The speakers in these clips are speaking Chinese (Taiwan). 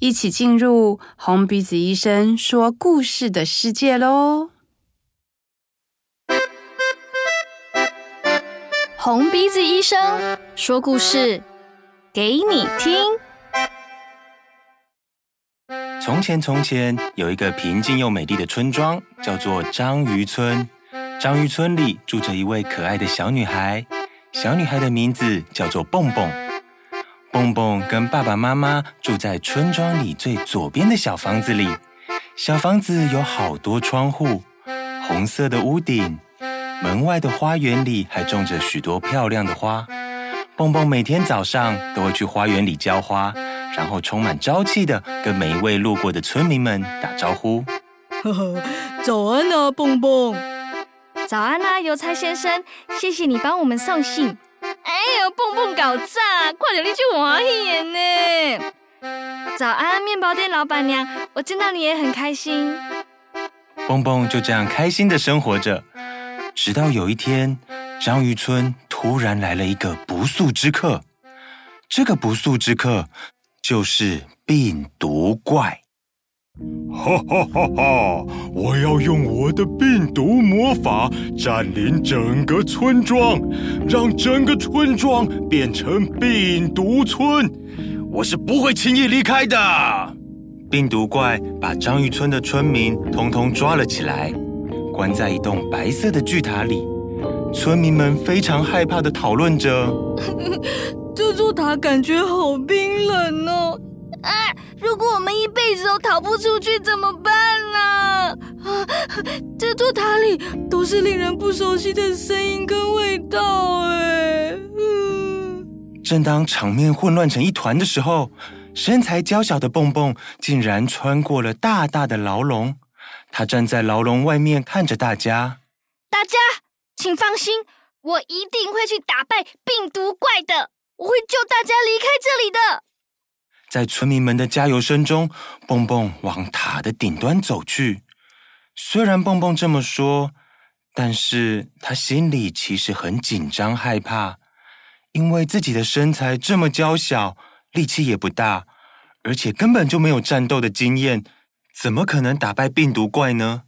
一起進入紅鼻子醫生說故事的世界嘍！紅鼻子醫生說故事給你聽。從前，從前，從前有一個平靜又美麗的村莊，叫做章魚村。章魚村裡住着一位可愛的小女孩，小女孩的名字叫做蹦蹦。蹦蹦跟爸爸媽媽住在村莊裡最左邊的小房子裡，小房子有好多窗戶，紅色的屋頂，門外的花園裡還種着許多漂亮的花。蹦蹦每天早上都會去花園裡澆花，然後充滿朝氣的跟每一位路過的村民們打招呼。呵呵，早安啊，蹦蹦！早安啦、啊，郵差先生，謝謝你幫我們送信。蹦蹦搞炸，看到你很高興耶！早安，麵包店老闆娘，我見到你也很開心。蹦蹦就這樣開心的生活着，直到有一天，章魚村突然來了一個不速之客。這個不速之客就是病毒怪。哈，哈哈哈！哈，我要用我的病毒魔法佔領整個村莊，讓整個村莊變成病毒村。我是不會輕易離開的。病毒怪把章魚村的村民通通抓了起來，關在一棟白色的巨塔裡。村民們非常害怕地討論着。這座塔感覺好冰冷哦！啊！如果我們一輩子都逃不出去，怎麼辦呢？ 啊，這座塔裡都是令人不熟悉的聲音跟味道，哎。 正當場面混亂成一團的時候，身材嬌小的蹦蹦竟然穿過了大大的牢籠。他站在牢籠外面，看着大家。大家請放心，我一定會去打敗病毒怪的。我會救大家離開這裡的。在村民們的加油聲中，蹦蹦往塔的頂端走去。雖然蹦蹦這麼說，但是他心裡其實很緊張、害怕，因為自己的身材這麼嬌小，力氣也不大，而且根本就沒有戰鬥的經驗，怎麼可能打敗病毒怪呢？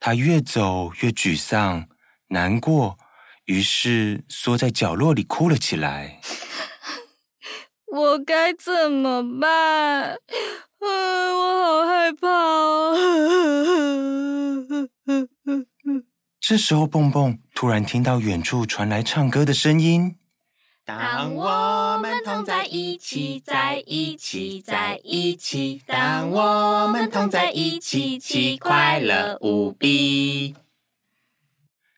他越走越沮喪、難過，於是縮在角落裡哭了起來。我該怎麼辦？嗯，我好害怕哦。 這時候，蹦蹦突然聽到遠處傳來唱歌的聲音。當我們同在一起，在一起，在一起，在一起；當我們同在一起，起快樂無比。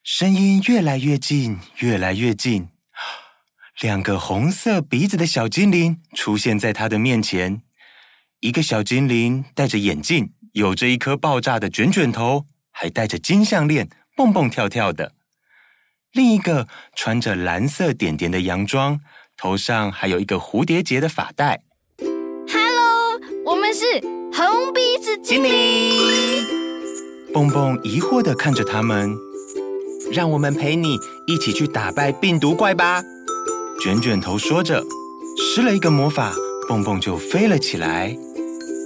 聲音越來越近，越來越近。兩個紅色鼻子的小精靈出現在他的面前，一個小精靈戴着眼鏡，有着一顆爆炸的卷卷頭，還戴着金項鏈，蹦蹦跳跳的；另一個穿着藍色點點的洋裝，頭上還有一個蝴蝶結的髮帶。Hello，我們是紅鼻子精靈。靈蹦蹦疑惑的看着他們，讓我們陪你一起去打敗病毒怪吧。捲捲頭說着，施了一個魔法，蹦蹦就飛了起來。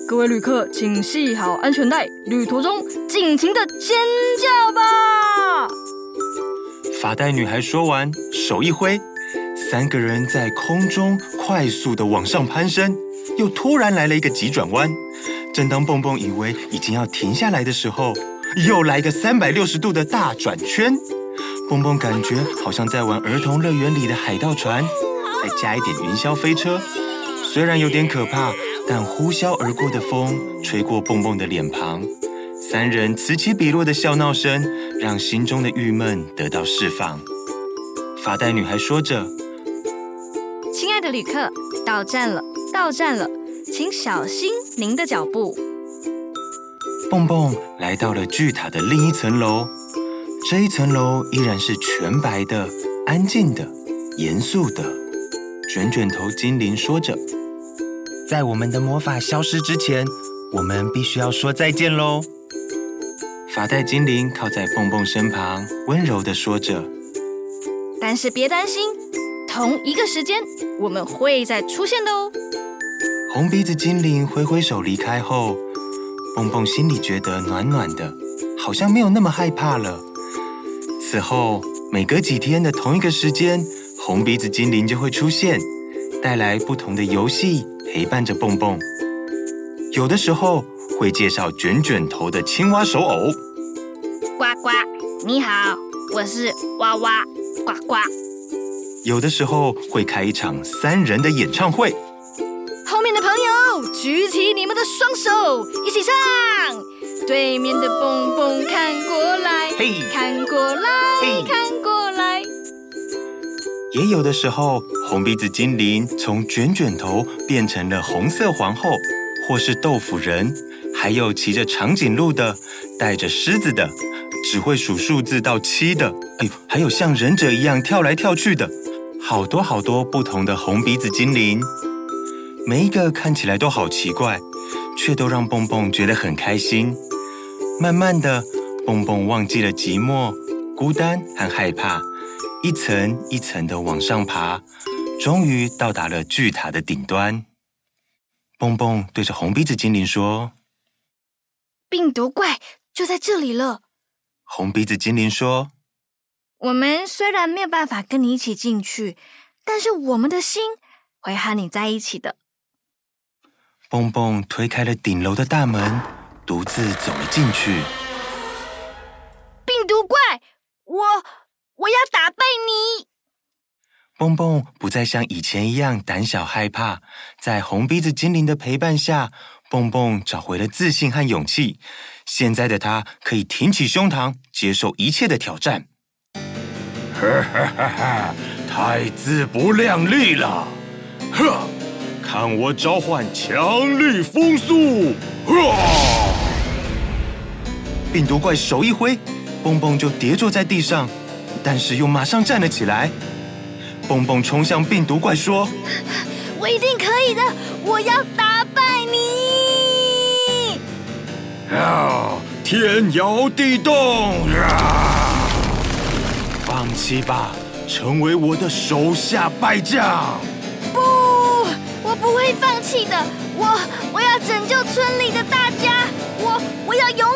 各位旅客，請繫好安全帶，旅途中盡情的尖叫吧！髮帶女孩說完，手一揮，三個人在空中快速的往上攀升，又突然來了一個急轉彎。正當蹦蹦以為已經要停下來的時候，又來個三百六十度的大轉圈。蹦蹦感覺好像在玩兒童樂園裡的海盜船，再加一點雲霄飛車，雖然有點可怕，但呼嘯而過的風吹過蹦蹦的臉龐，三人此起彼落的笑鬧聲，讓心中的鬱悶得到釋放。發呆女孩說着：“親愛的旅客，到站了，到站了，請小心您的腳步。”蹦蹦來到了巨塔的另一層樓。這一層樓依然是全白的，安靜的，嚴肅的。卷卷頭精靈說着：“在我們的魔法消失之前，我們必須要說再見嘍。”發帶精靈靠在蹦蹦身旁，溫柔的說着：“但是別擔心，同一個時間，我們會再出現的哦。”紅鼻子精靈揮揮手離開後，蹦蹦心裡覺得暖暖的，好像沒有那麼害怕了。此後，每隔幾天的同一個時間，紅鼻子精靈就會出現，帶來不同的遊戲，陪伴着蹦蹦。有的時候會介紹捲捲頭的青蛙手偶，呱呱，你好，我是哇哇，呱呱。有的時候會開一場三人的演唱會，後面的朋友舉起你們的雙手，一起唱。對面的蹦蹦看過來，嘿，看過來，嘿，看過來。也有的時候，紅鼻子精靈從卷卷頭變成了紅色皇後，或是豆腐人，還有騎着長頸鹿的，帶着獅子的，只會數數字到七的，哎呦，還有像忍者一樣跳來跳去的，好多好多不同的紅鼻子精靈，每一個看起來都好奇怪，卻都讓蹦蹦覺得很開心。慢慢的，蹦蹦忘記了寂寞、孤單和害怕，一層一層的往上爬，終於到達了巨塔的頂端。蹦蹦對着紅鼻子精靈說：“病毒怪就在這裡了。”紅鼻子精靈說：“我們雖然沒有辦法跟你一起進去，但是我們的心會和你在一起的。”蹦蹦推開了頂樓的大門。獨自走了進去。病毒怪，我我要打敗你！蹦蹦不再像以前一樣膽小害怕，在紅鼻子精靈的陪伴下，蹦蹦找回了自信和勇氣。現在的他可以挺起胸膛，接受一切的挑戰。哈哈哈哈！太自不量力了！呵，看我召喚強力風速！呵！病毒怪手一揮，蹦蹦就跌坐在地上，但是又馬上站了起來。蹦蹦衝向病毒怪說：“我一定可以的，我要打敗你！”啊，天搖地動！啊，放棄吧，成為我的手下敗將！不，我不會放棄的，我我要拯救村裡的大家，我我要勇。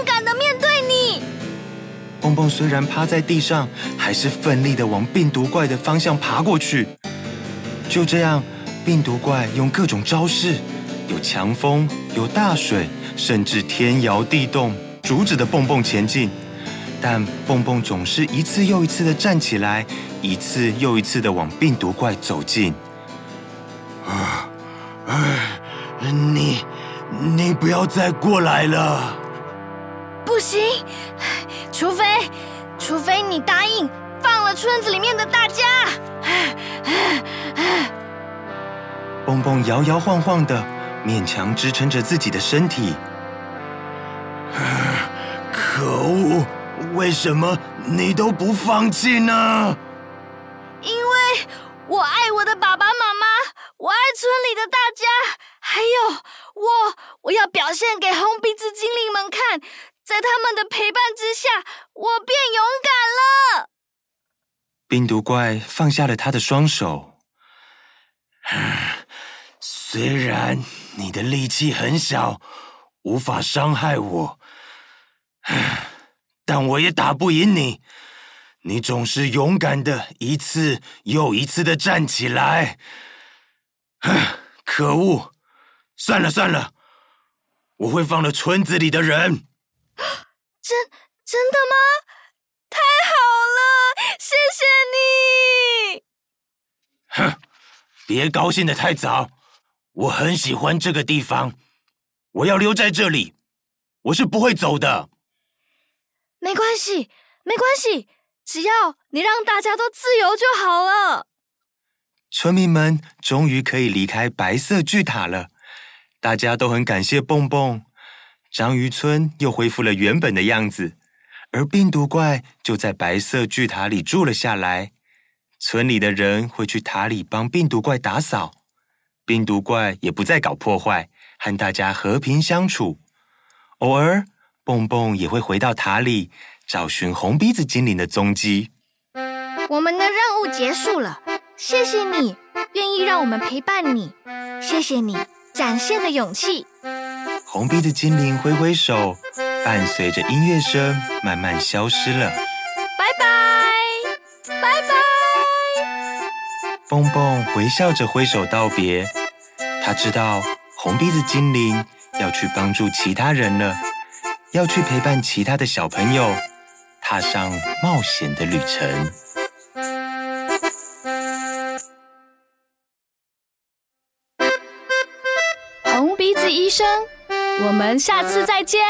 蹦蹦雖然趴在地上，還是奮力的往病毒怪的方向爬過去。就這樣，病毒怪用各種招式，有強風，有大水，甚至天搖地動，阻止的蹦蹦前進。但蹦蹦總是一次又一次的站起來，一次又一次的往病毒怪走近。啊，啊，你，你不要再過來了！不行。除非，除非你答應放了村子裡面的大家。蹦蹦搖搖晃晃，晃的，勉強支撐着自己的身體。可惡，為什麼你都不放棄呢？因為，我愛我的爸爸媽媽，我愛村裡的大家，還有我，我要表現給紅鼻子精靈們看。在他們的陪伴之下，我變勇敢了。病毒怪放下了他的雙手，嗯。雖然你的力氣很小，無法傷害我，嗯、但我也打不贏你。你總是勇敢的，一次又一次的站起來，嗯。可惡！算了算了，我會放了村子裡的人。啊，真，真的嗎？太好了，謝謝你！哼，別高興得太早。我很喜歡這個地方，我要留在這裡，我是不會走的。沒關係，沒關係，只要你讓大家都自由就好了。村民們終於可以離開白色巨塔了，大家都很感謝蹦蹦。章魚村又恢復了原本的樣子，而病毒怪就在白色巨塔裡住了下來。村裡的人會去塔裡幫病毒怪打掃，病毒怪也不再搞破壞，和大家和平相處。偶爾，蹦蹦也會回到塔裡找尋紅鼻子精靈的蹤跡。我們的任務結束了，謝謝你願意讓我們陪伴你，謝謝你展現的勇氣。紅鼻子精靈揮揮手，伴隨着音樂聲慢慢消失了。拜拜，拜拜。蹦蹦微笑着揮手道別，他知道紅鼻子精靈要去幫助其他人了，要去陪伴其他的小朋友，踏上冒險的旅程。紅鼻子醫生。我們下次再見。